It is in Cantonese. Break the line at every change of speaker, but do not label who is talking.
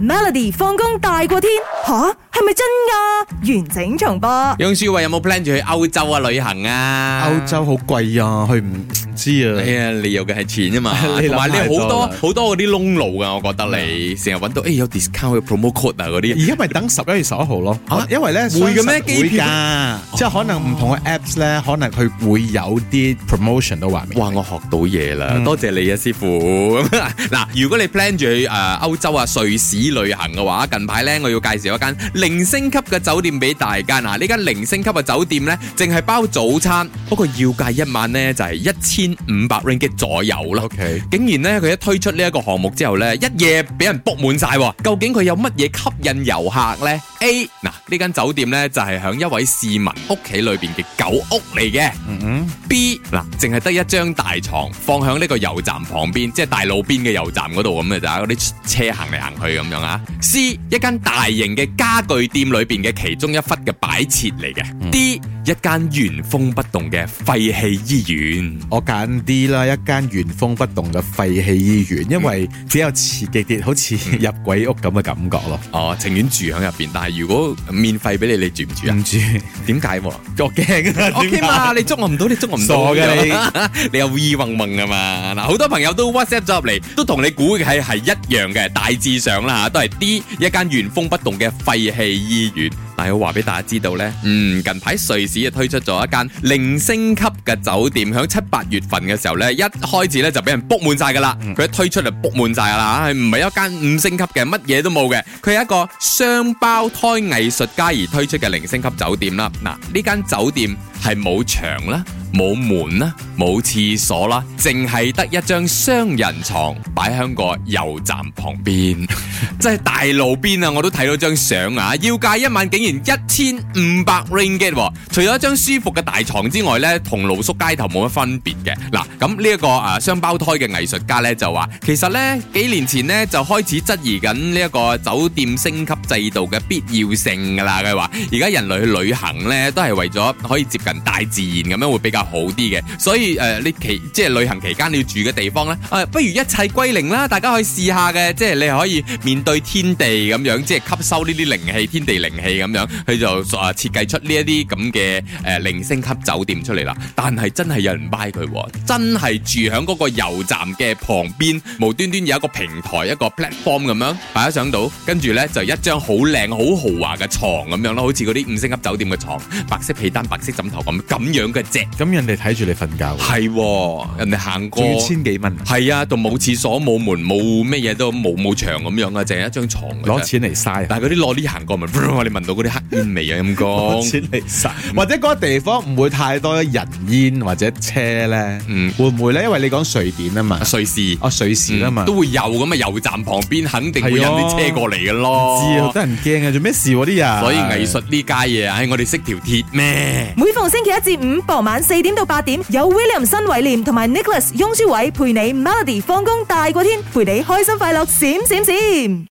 Melody 放工大過天吓，係咪真噶？完整重播。楊舒慧有冇 plan 住去歐洲啊旅行啊？歐洲好貴啊，佢唔知啊。係啊，你有嘅係錢啊嘛。同埋你好多好多嗰啲窿路噶，我覺得你成日揾到誒有 discount 有 promo code 嗰啲。而家咪等十一月十一號咯。因為咧會嘅咩機票？即係可能唔同嘅 apps 咧，可能佢會有啲 promotion 都話。哇，我學到嘢啦，多謝你啊，師傅。嗱，如果你 plan 住去誒歐洲啊，瑞士。旅行嘅話，近排呢，我要介紹一間零星級嘅酒店俾大家啊！呢間零星級嘅酒店呢，淨係包早餐，不過要價一晚呢，就係、是、一千五百 ringgit 左右啦。OK，竟然呢，佢一推出呢一個項目之後呢，一夜俾人 book 滿晒。究竟佢有乜嘢吸引遊客呢？A 嗱呢間酒店呢，就係、是、響一位市民屋企裏邊嘅狗屋嚟嘅。嗯嗯、mm。Hmm. B 嗱淨係得一張大床，放響呢個油站旁邊，即、就、係、是、大路邊嘅油站嗰度咁啊，就喺嗰啲車行嚟行去咁樣。啊！C 一間大型嘅家具店裏邊嘅其中一忽嘅擺設嚟嘅。D 一間原封不動嘅廢棄醫院，我揀 D 啦，一間原封不動嘅廢棄醫院，因為只有刺激啲，好似入鬼屋咁嘅感覺咯。哦，情願住響入邊，但係如果免費俾你，你住唔住啊？唔住，點解？作驚啊！我驚啊！你捉我唔到，你捉我唔到嘅你， 你有又威嗡嗡㗎嘛？嗱，好多朋友都 WhatsApp 咗入嚟，都同你估嘅係係一樣嘅，大致上啦，都係 D 一間原封不動嘅廢棄醫院。但我要話俾大家知道呢，嗯，近排瑞士啊推出咗一間零星級嘅酒店，響七八月份嘅時候呢，一開始呢就俾人 book 滿晒噶啦，佢一推出就 book 滿晒噶啦，唔係一間五星級嘅，乜嘢都冇嘅，佢係一個雙胞胎藝術家而推出嘅零星級酒店啦。嗱，呢間酒店係冇牆啦。冇門啦、啊，冇廁所啦、啊，淨係得一張雙人床擺響個油站旁邊， 真係大路邊啊！我都睇到張相啊，要價一晚，竟然一千五百 ringgit，啊。除咗一張舒服嘅大床之外呢，同露宿街頭冇乜分別嘅。嗱，咁呢一個啊雙胞胎嘅藝術家呢，就話，其實呢幾年前呢，就開始質疑緊呢一個酒店升級制度嘅必要性噶啦。佢話而家人類去旅行呢，都係為咗可以接近大自然咁樣會比較。好啲嘅，所以誒，你期即係旅行期間你要住嘅地方咧，誒，不如一切歸零啦，大家可以試下嘅，即係你可以面對天地咁樣，即係吸收呢啲靈氣，天地靈氣咁樣，佢就啊設計出呢一啲咁嘅誒，零星級酒店出嚟啦。但係真係有人 buy 佢，真係住喺嗰個油站嘅旁邊，無端端有一個平台一個 platform 咁樣，大家想到，跟住咧就一張好靚好豪華嘅床咁樣咯，好似嗰啲五星級酒店嘅床，白色被單白色枕頭咁，咁樣嘅隻咁。咁人哋睇住你瞓覺，係、哦、人哋、啊、行過千幾蚊，係、嗯、啊，度冇廁所、冇門、冇咩嘢都冇冇牆咁樣啊，淨係一張床。攞錢嚟嘥，但係嗰啲駱啲行過咪，我哋聞到嗰啲黑煙味啊咁講。攞錢嚟嘥，或者嗰個地方唔會太多人煙或者車咧？嗯，會唔會咧？因為你講瑞典啊嘛瑞士、哦，瑞士啊、嗯，瑞士啊嘛，都會有咁啊，油站旁邊肯定會有啲車過嚟嘅咯。哦、知啊，都得人驚啊，做咩事啲啊？所以藝術呢家嘢，喺我哋識條鐵咩？每逢星期一至五傍晚四。四點到八點有 William 新偉廉同埋 Nicholas 雍舒偉陪你 Melody 放工大過天，陪你開心快樂閃閃閃。閃閃閃